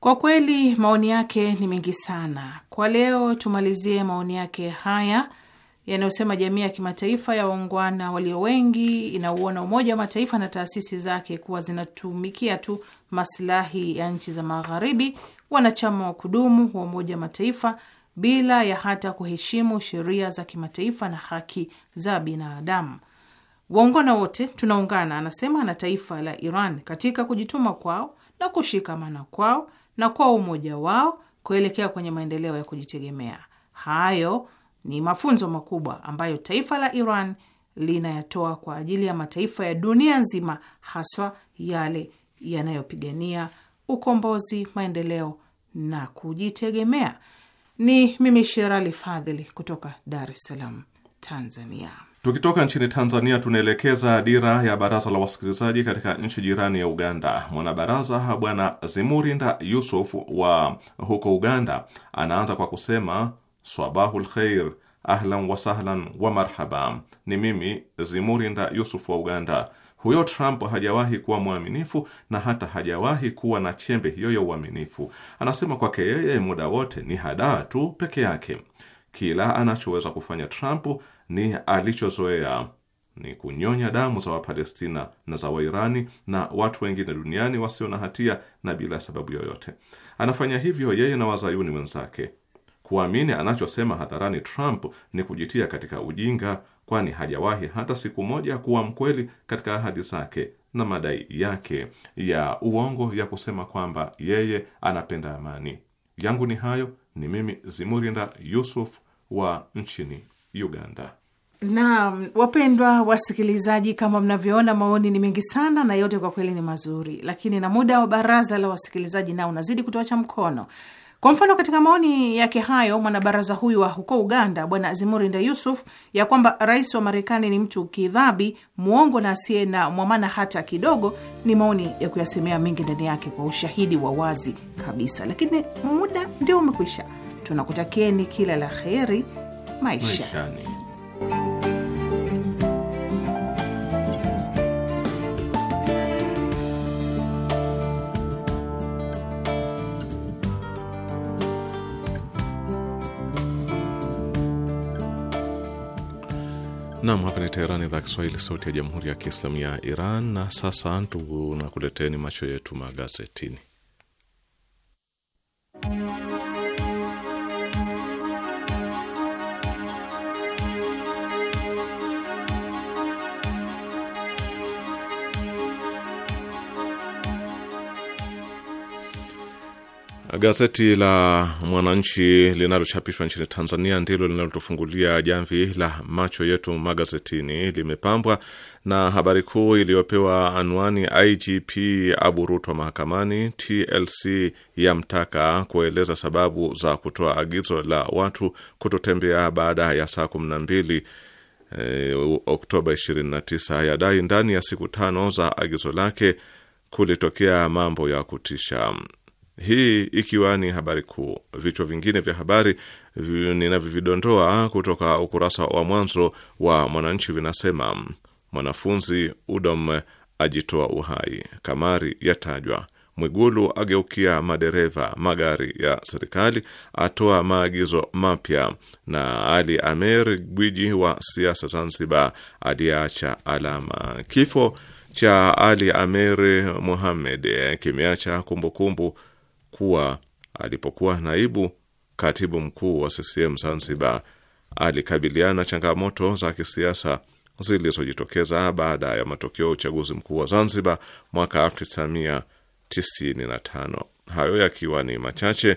Kwa kweli maoni yake ni mengi sana. Kwa leo tumalizie maoni yake haya yanayosema jamii ya kimataifa ya waungwana walio wengi inauona Umoja wa Mataifa na taasisi zake kuwa zinatumikia tu masilahi ya nchi za Magharibi, wanachama wa kudumu wa Umoja wa Mataifa, bila ya hata kuheshimu sheria za kimataifa na haki za binadamu. Waungwana wote tunaungana, anasema, na taifa la Iran katika kujituma kwao na kushikamana kwao na kwa umoja wao kuelekea kwenye maendeleo ya kujitegemea. Hayo ni mafunzo makubwa ambayo taifa la Iran linayatoa kwa ajili ya mataifa ya dunia nzima, haswa yale yanayopigania ukombozi, maendeleo na kujitegemea. Ni mimi Sherali Fadhili kutoka Dar es Salaam, Tanzania. Tukitoka nchini Tanzania tunaelekeza dira ya baraza la wasikilizaji katika nchi jirani ya Uganda. Mwanabaraza Bwana Zimurinda Yusuf wa huko Uganda anaanza kwa kusema swabahul khair, ahlan wasahlan wa marhaba. Ni mimi Zimurinda Yusuf wa Uganda. Huyo Trump hajawahi kuwa mwaminifu na hata hajawahi kuwa na chembe hiyo ya uaminifu. Anasema kwake yeye muda wote ni hadaa tu peke yake. Kila anachoweza kufanya Trump ni alichozoea ni kunyonya damu za Wapalestina na za Wairani na watu wengine duniani wasio na hatia na bila sababu yoyote. Anafanya hivyo yeye na wazayuni wenzake. Kuamini anachosema hadharani Trump ni kujitia katika ujinga, kwani hajawahi hata siku moja kuwa mkweli katika ahadi zake na madai yake ya uongo ya kusema kwamba yeye anapenda amani. Yangu ni hayo. Ni mimi Zimurinda Yusuf wa nchini Uganda. Naam, wapendwa wasikilizaji, kama mnavyoona maoni ni mengi sana, na yote kwa kweli ni mazuri, lakini na muda wa baraza la wasikilizaji nao unazidi kutoacha mkono. Kwa mfano, katika maoni yake hayo, mwanabaraza huyu wa huko Uganda, Bwana Azimurinda Yusuf, ya kwamba rais wa Marekani ni mtu kidhabi, mwongo na asiye na mwamana hata kidogo, ni maoni ya kuyasemea mengi ndani yake kwa ushahidi wa wazi kabisa, lakini muda ndio umekwisha. Tunakutakieni kila la heri maisha, maishani. Nam, hapa ni Teherani, idhaa Kiswahili, sauti ya jamhuri ya kiislamu ya Iran. Na sasa tunakuleteni macho yetu magazetini. Gazeti la Mwananchi linalochapishwa nchini Tanzania ndilo linalotufungulia jamvi la macho yetu magazetini. Limepambwa na habari kuu iliyopewa anwani IGP Abu mahakamani, TLC yamtaka kueleza sababu za kutoa agizo la watu kutotembea baada ya saa 12 eh, Oktoba 29, yadai ndani ya siku tano za agizo lake kulitokea mambo ya kutisha hii ikiwa ni habari kuu. Vichwa vingine vya habari ninavyovidondoa kutoka ukurasa wa mwanzo wa Mwananchi vinasema mwanafunzi UDOM ajitoa uhai, kamari yatajwa, Mwigulu ageukia madereva magari ya serikali, atoa maagizo mapya, na Ali Amer, gwiji wa siasa Zanzibar, aliyeacha alama. Kifo cha Ali Amer muhamed kimeacha kumbukumbu kuwa alipokuwa naibu katibu mkuu wa CCM Zanzibar alikabiliana changamoto za kisiasa zilizojitokeza baada ya matokeo ya uchaguzi mkuu wa Zanzibar mwaka 1995. Hayo yakiwa ni machache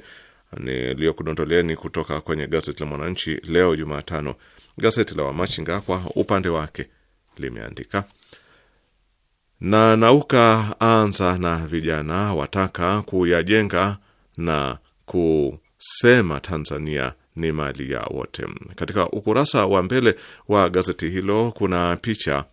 niliyokudondoleni kutoka kwenye gazeti la Mwananchi leo Jumatano. Gazeti la Wamachinga kwa upande wake limeandika na nauka anza na vijana wataka kuyajenga na kusema Tanzania ni mali ya wote. Katika ukurasa wa mbele wa gazeti hilo kuna picha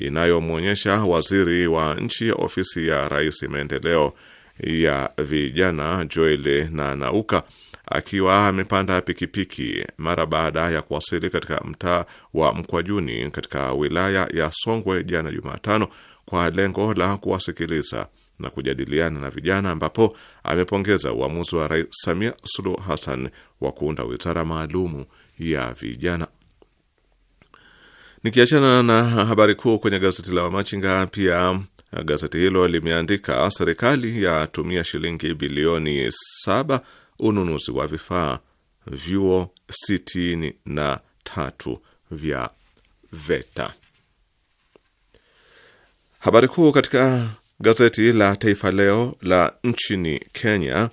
inayomwonyesha waziri wa nchi ofisi ya rais maendeleo ya vijana Joel na Nauka akiwa amepanda pikipiki mara baada ya kuwasili katika mtaa wa Mkwajuni katika wilaya ya Songwe jana Jumatano kwa lengo la kuwasikiliza na kujadiliana na vijana, ambapo amepongeza uamuzi wa Rais Samia Suluhu Hassan wa kuunda wizara maalumu ya vijana. Nikiachana na habari kuu kwenye gazeti la Wamachinga, pia gazeti hilo limeandika serikali yatumia shilingi bilioni saba ununuzi wa vifaa vyuo sitini na tatu vya VETA. Habari kuu katika gazeti la Taifa Leo la nchini Kenya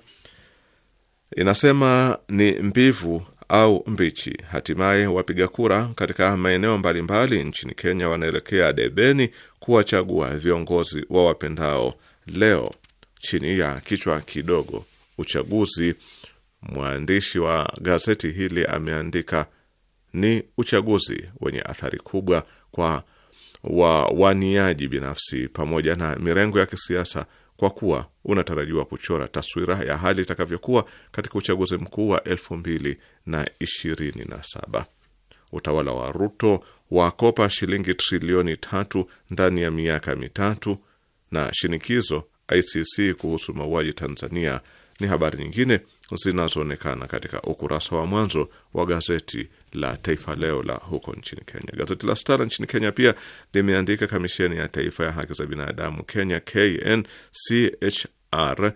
inasema ni mbivu au mbichi. Hatimaye wapiga kura katika maeneo mbalimbali nchini Kenya wanaelekea debeni kuwachagua viongozi wa wapendao leo, chini ya kichwa kidogo uchaguzi. Mwandishi wa gazeti hili ameandika ni uchaguzi wenye athari kubwa kwa wa waniaji binafsi pamoja na mirengo ya kisiasa kwa kuwa unatarajiwa kuchora taswira ya hali itakavyokuwa katika uchaguzi mkuu wa saba. Utawala wa Ruto wakopa shilingi trilioni tatu ndani ya miaka mitatu, na shinikizo ICC kuhusu mauaji Tanzania ni habari nyingine zinazoonekana katika ukurasa wa mwanzo wa gazeti la Taifa Leo la huko nchini Kenya. Gazeti la Star nchini Kenya pia limeandika kamisheni ya taifa ya haki za binadamu Kenya KNCHR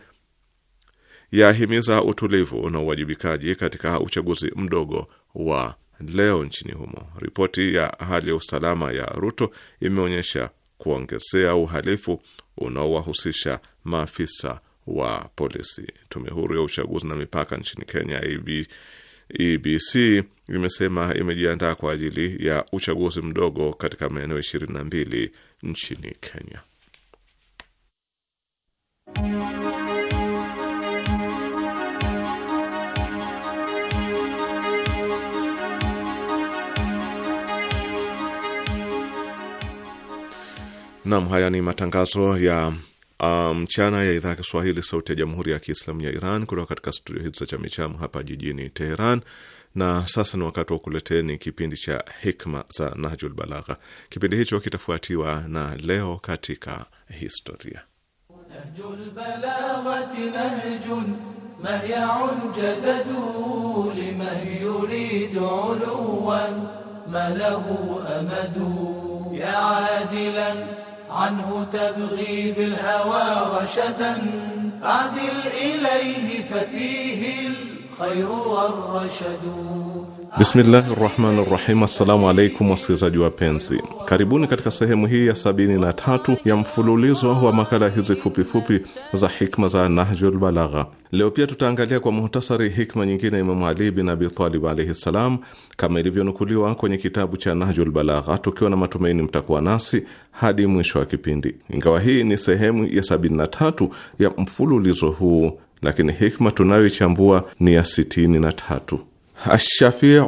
yahimiza utulivu na uwajibikaji katika uchaguzi mdogo wa leo nchini humo. Ripoti ya hali ya usalama ya Ruto imeonyesha kuongezea uhalifu unaowahusisha maafisa wa polisi. Tume huru ya uchaguzi na mipaka nchini Kenya EBC imesema imejiandaa kwa ajili ya uchaguzi mdogo katika maeneo 22 nchini Kenya. nam haya ni matangazo ya Uh, mchana um, ya idhaa ya Kiswahili sauti ya jamhuri ya Kiislamu ya Iran kutoka katika studio hizi za Chamicham hapa jijini Teheran. Na sasa ni wakati wa kuleteni kipindi cha hikma za Nahjul Balagha. Kipindi hicho kitafuatiwa na leo katika historia. Nahjul عنه تبغي بالهوى رشدا أعدل إليه ففيه الخير والرشد Bismillahi rahmani rahim. Assalamu alaikum wasikilizaji wapenzi, karibuni katika sehemu hii ya sabini na tatu ya mfululizo wa makala hizi fupifupi za hikma za Nahjul Balagha. Leo pia tutaangalia kwa muhtasari hikma nyingine ya Imamu Ali bin Abi Talib alaihi ssalam, kama ilivyonukuliwa kwenye kitabu cha Nahjul Balagha, tukiwa na matumaini mtakuwa nasi hadi mwisho wa kipindi. Ingawa hii ni sehemu ya sabini na tatu ya mfululizo huu, lakini hikma tunayoichambua ni ya sitini na tatu. الشفيع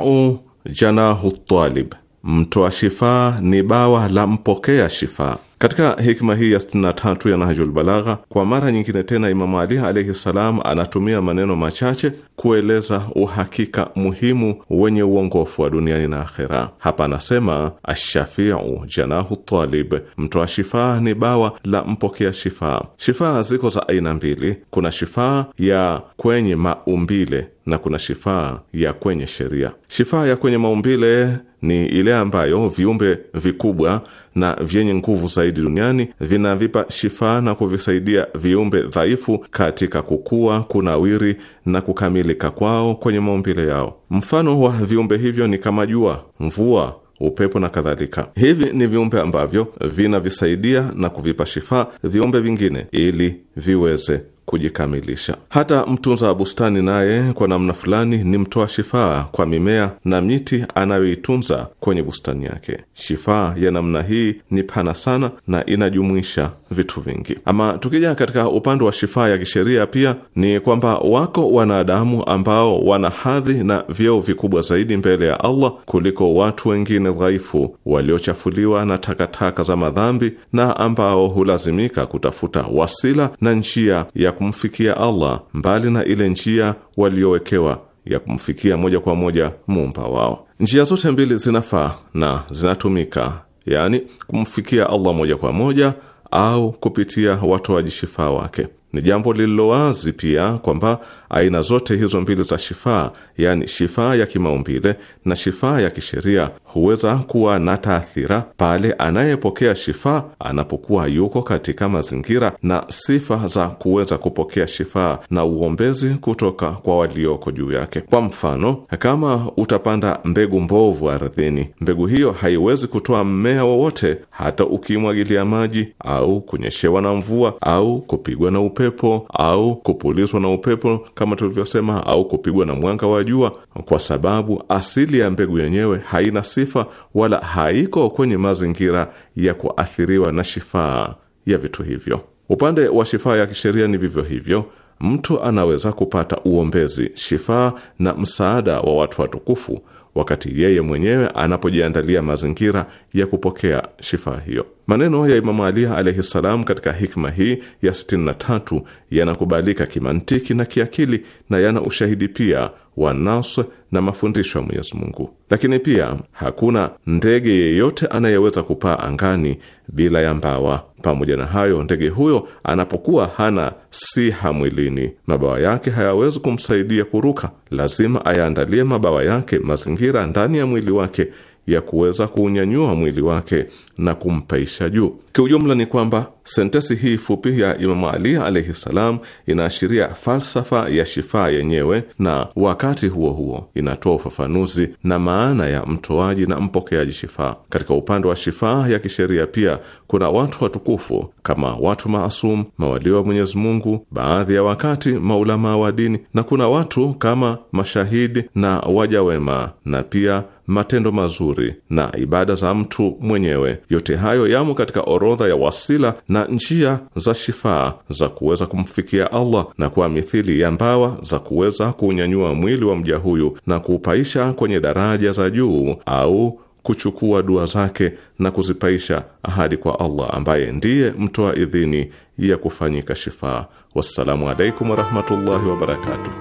جناه الطالب Mtoa shifaa ni bawa la mpokea shifaa. Katika hikma hii ya 63 ya Nahjul Balagha, kwa mara nyingine tena, Imamu Ali alaihi ssalam anatumia maneno machache kueleza uhakika muhimu wenye uongofu wa duniani na akhera. Hapa anasema ashafiu janahu talib, mtoa shifaa ni bawa la mpokea shifaa. Shifaa ziko za aina mbili, kuna shifaa ya kwenye maumbile na kuna shifaa ya kwenye sheria. Shifaa ya kwenye maumbile ni ile ambayo viumbe vikubwa na vyenye nguvu zaidi duniani vinavipa shifaa na kuvisaidia viumbe dhaifu katika kukua, kunawiri na kukamilika kwao kwenye maumbile yao. Mfano wa viumbe hivyo ni kama jua, mvua, upepo na kadhalika. Hivi ni viumbe ambavyo vinavisaidia na kuvipa shifaa viumbe vingine ili viweze kujikamilisha. Hata mtunza wa bustani naye kwa namna fulani ni mtoa shifaa kwa mimea na miti anayoitunza kwenye bustani yake. Shifaa ya namna hii ni pana sana na inajumuisha vitu vingi. Ama tukija katika upande wa shifaa ya kisheria, pia ni kwamba wako wanadamu ambao wana hadhi na vyeo vikubwa zaidi mbele ya Allah kuliko watu wengine dhaifu waliochafuliwa na takataka za madhambi na ambao hulazimika kutafuta wasila na njia ya kumfikia Allah mbali na ile njia waliowekewa ya kumfikia moja kwa moja muumba wao. Njia zote mbili zinafaa na zinatumika, yaani kumfikia Allah moja kwa moja au kupitia watoaji shifaa wake. Ni jambo lililowazi pia kwamba Aina zote hizo mbili za shifaa, yaani shifaa ya kimaumbile na shifaa ya kisheria, huweza kuwa na taathira pale anayepokea shifaa anapokuwa yuko katika mazingira na sifa za kuweza kupokea shifaa na uombezi kutoka kwa walioko juu yake. Kwa mfano, kama utapanda mbegu mbovu ardhini, mbegu hiyo haiwezi kutoa mmea wowote, hata ukimwagilia maji au kunyeshewa na mvua au kupigwa na upepo au kupulizwa na upepo kama tulivyosema, au kupigwa na mwanga wa jua, kwa sababu asili ya mbegu yenyewe haina sifa wala haiko kwenye mazingira ya kuathiriwa na shifaa ya vitu hivyo. Upande wa shifaa ya kisheria ni vivyo hivyo. Mtu anaweza kupata uombezi, shifaa na msaada wa watu watukufu wakati yeye mwenyewe anapojiandalia mazingira ya kupokea shifaa hiyo. Maneno ya Imamu Ali alaihi ssalam katika hikma hii ya 63 yanakubalika kimantiki na kiakili na yana ushahidi pia wa nas na mafundisho ya Mwenyezi Mungu. Lakini pia hakuna ndege yeyote anayeweza kupaa angani bila ya mbawa. Pamoja na hayo, ndege huyo anapokuwa hana siha mwilini, mabawa yake hayawezi kumsaidia kuruka. Lazima ayaandalie mabawa yake mazingira ndani ya mwili wake ya kuweza kuunyanyua mwili wake na kumpaisha juu. Kiujumla ni kwamba sentesi hii fupi ya Imamu Ali alaihi salam inaashiria falsafa ya shifaa yenyewe, na wakati huo huo inatoa ufafanuzi na maana ya mtoaji na mpokeaji shifaa. Katika upande wa shifaa ya kisheria, pia kuna watu watukufu kama watu maasum, mawalio wa Mwenyezi Mungu, baadhi ya wakati maulamaa wa dini, na kuna watu kama mashahidi na waja wema na pia matendo mazuri na ibada za mtu mwenyewe, yote hayo yamo katika orodha ya wasila na njia za shifaa za kuweza kumfikia Allah, na kwa mithili ya mbawa za kuweza kuunyanyua mwili wa mja huyu na kuupaisha kwenye daraja za juu au kuchukua dua zake na kuzipaisha ahadi kwa Allah ambaye ndiye mtoa idhini ya kufanyika shifaa. Wassalamu alaikum warahmatullahi wabarakatuh.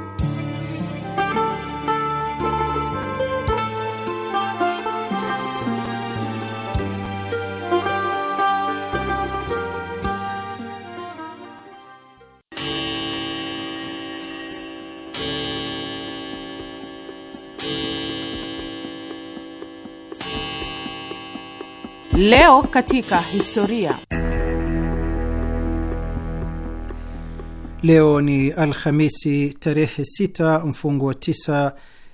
Leo katika historia. Leo ni Alhamisi tarehe 6 mfungo wa 9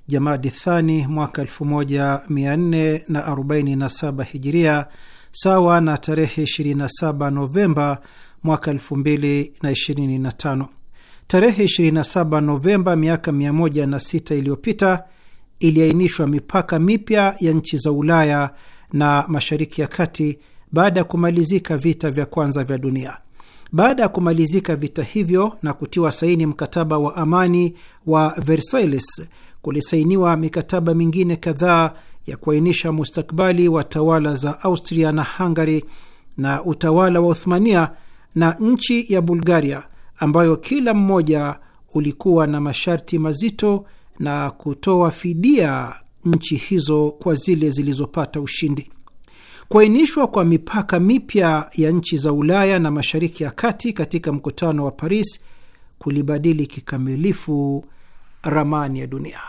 Jamadi Thani mwaka 1447 Hijiria, sawa na tarehe 27 Novemba mwaka 2025. Tarehe 27 Novemba miaka 106 iliyopita iliainishwa mipaka mipya ya nchi za Ulaya na Mashariki ya Kati baada ya kumalizika vita vya kwanza vya dunia. Baada ya kumalizika vita hivyo na kutiwa saini mkataba wa amani wa Versailles, kulisainiwa mikataba mingine kadhaa ya kuainisha mustakbali wa tawala za Austria na Hungary na utawala wa Uthmania na nchi ya Bulgaria, ambayo kila mmoja ulikuwa na masharti mazito na kutoa fidia nchi hizo kwa zile zilizopata ushindi. Kuainishwa kwa mipaka mipya ya nchi za Ulaya na Mashariki ya Kati katika mkutano wa Paris kulibadili kikamilifu ramani ya dunia.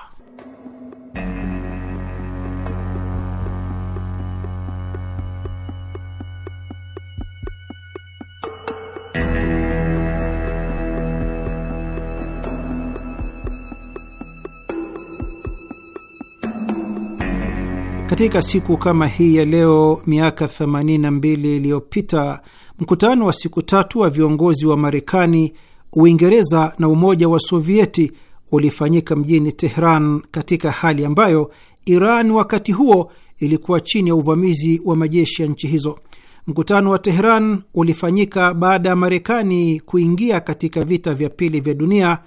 Katika siku kama hii ya leo miaka 82 iliyopita, mkutano wa siku tatu wa viongozi wa Marekani, Uingereza na Umoja wa Sovieti ulifanyika mjini Tehran katika hali ambayo Iran wakati huo ilikuwa chini ya uvamizi wa majeshi ya nchi hizo. Mkutano wa Tehran ulifanyika baada ya Marekani kuingia katika vita vya pili vya dunia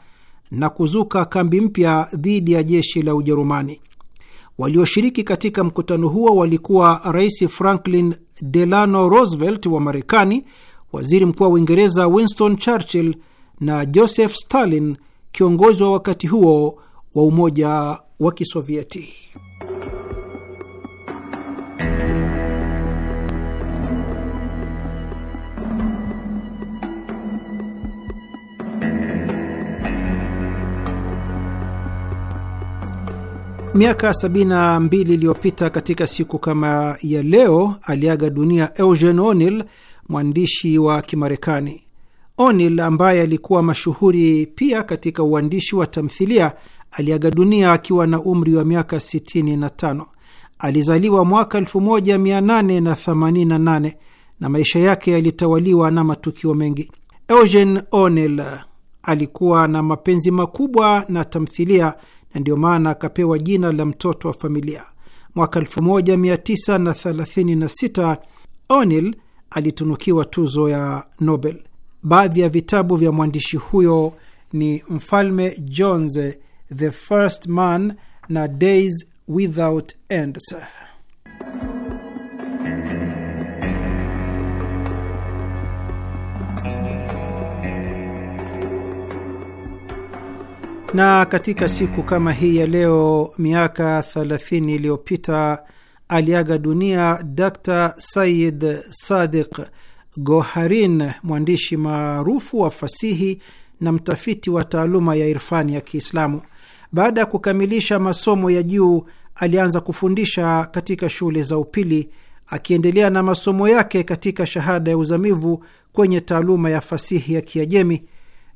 na kuzuka kambi mpya dhidi ya jeshi la Ujerumani. Walioshiriki katika mkutano huo walikuwa Rais Franklin Delano Roosevelt wa Marekani, Waziri Mkuu wa Uingereza Winston Churchill na Joseph Stalin, kiongozi wa wakati huo wa Umoja wa Kisovieti. Miaka 72 iliyopita katika siku kama ya leo aliaga dunia Eugene O'Neill, mwandishi wa Kimarekani. O'Neill ambaye alikuwa mashuhuri pia katika uandishi wa tamthilia aliaga dunia akiwa na umri wa miaka 65. Alizaliwa mwaka 1888 na, na maisha yake yalitawaliwa na matukio mengi. Eugene O'Neill alikuwa na mapenzi makubwa na tamthilia na ndiyo maana akapewa jina la mtoto wa familia. Mwaka 1936 O'Neill alitunukiwa tuzo ya Nobel. Baadhi ya vitabu vya mwandishi huyo ni Mfalme Jones, The First Man na Days Without End. Na katika siku kama hii ya leo miaka 30 iliyopita aliaga dunia Dr Sayid Sadiq Goharin, mwandishi maarufu wa fasihi na mtafiti wa taaluma ya irfani ya Kiislamu. Baada ya kukamilisha masomo ya juu, alianza kufundisha katika shule za upili, akiendelea na masomo yake katika shahada ya uzamivu kwenye taaluma ya fasihi ya Kiajemi,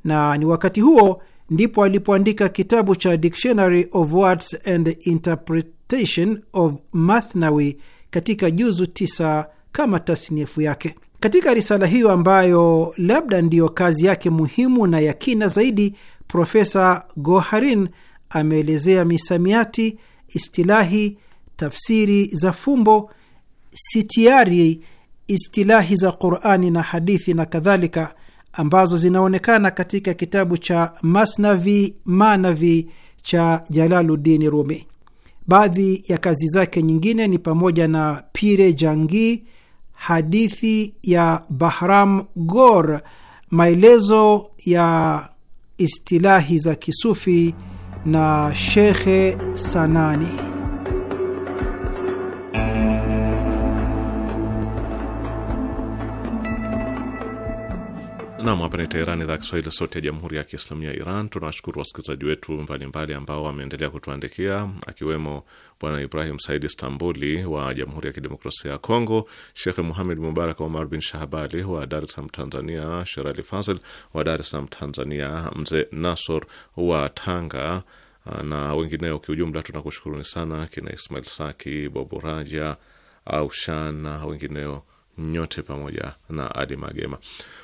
na ni wakati huo ndipo alipoandika kitabu cha Dictionary of Words and Interpretation of Mathnawi katika juzu tisa kama tasnifu yake. Katika risala hiyo ambayo labda ndiyo kazi yake muhimu na ya kina zaidi, Profesa Goharin ameelezea misamiati, istilahi, tafsiri za fumbo, sitiari, istilahi za Qurani na hadithi na kadhalika ambazo zinaonekana katika kitabu cha Masnavi Manavi cha jalaludini Rumi. Baadhi ya kazi zake nyingine ni pamoja na Pire Jangi, hadithi ya Bahram Gor, maelezo ya istilahi za Kisufi na Shekhe Sanani. Nam, hapa ni Teherani, idhaa Kiswahili, sauti ya jamhuri ya kiislamu ya Iran. Tunawashukuru wasikilizaji wetu mbalimbali ambao wameendelea kutuandikia, akiwemo Bwana Ibrahim Said Istambuli wa Jamhuri ya Kidemokrasia ya Kongo, Shekhe Muhamed Mubarak Omar bin Shahabali wa Dar es Salaam, Tanzania, Sherali Fazel wa Dar es Salaam, Tanzania, Mzee Nasor wa Tanga na wengineo. Kiujumla tunakushukuruni sana, kina Ismail Saki, au Aushan na wengineo nyote pamoja na Adi Magema.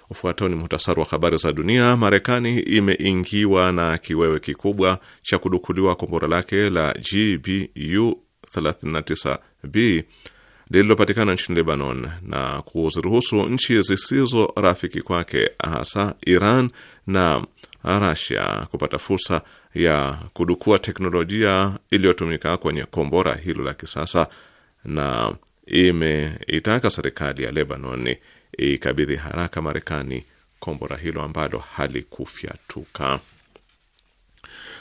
Ufuatao ni muhtasari wa habari za dunia. Marekani imeingiwa na kiwewe kikubwa cha kudukuliwa kombora lake la GBU 39B lililopatikana nchini Lebanon na kuziruhusu nchi zisizo rafiki kwake hasa Iran na Rasia kupata fursa ya kudukua teknolojia iliyotumika kwenye kombora hilo la kisasa na imeitaka serikali ya Lebanon ikabidhi haraka Marekani kombora hilo ambalo halikufyatuka.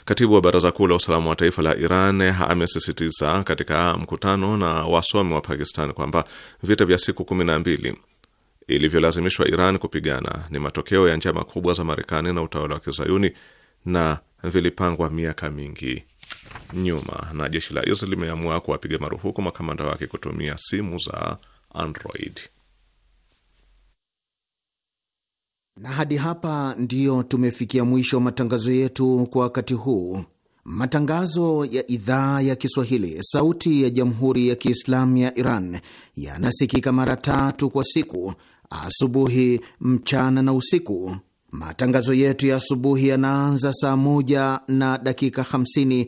Katibu wa Baraza Kuu la Usalama wa Taifa la Iran amesisitiza katika mkutano na wasomi wa Pakistan kwamba vita vya siku kumi na mbili ilivyolazimishwa Iran kupigana ni matokeo ya njama kubwa za Marekani na utawala wa Kizayuni na vilipangwa miaka mingi nyuma, na jeshi la Israel limeamua kuwapiga marufuku makamanda wake kutumia simu za Android. Na hadi hapa ndiyo tumefikia mwisho wa matangazo yetu kwa wakati huu. Matangazo ya idhaa ya Kiswahili, sauti ya jamhuri ya kiislamu ya Iran yanasikika mara tatu kwa siku: asubuhi, mchana na usiku. Matangazo yetu ya asubuhi yanaanza saa moja na dakika 50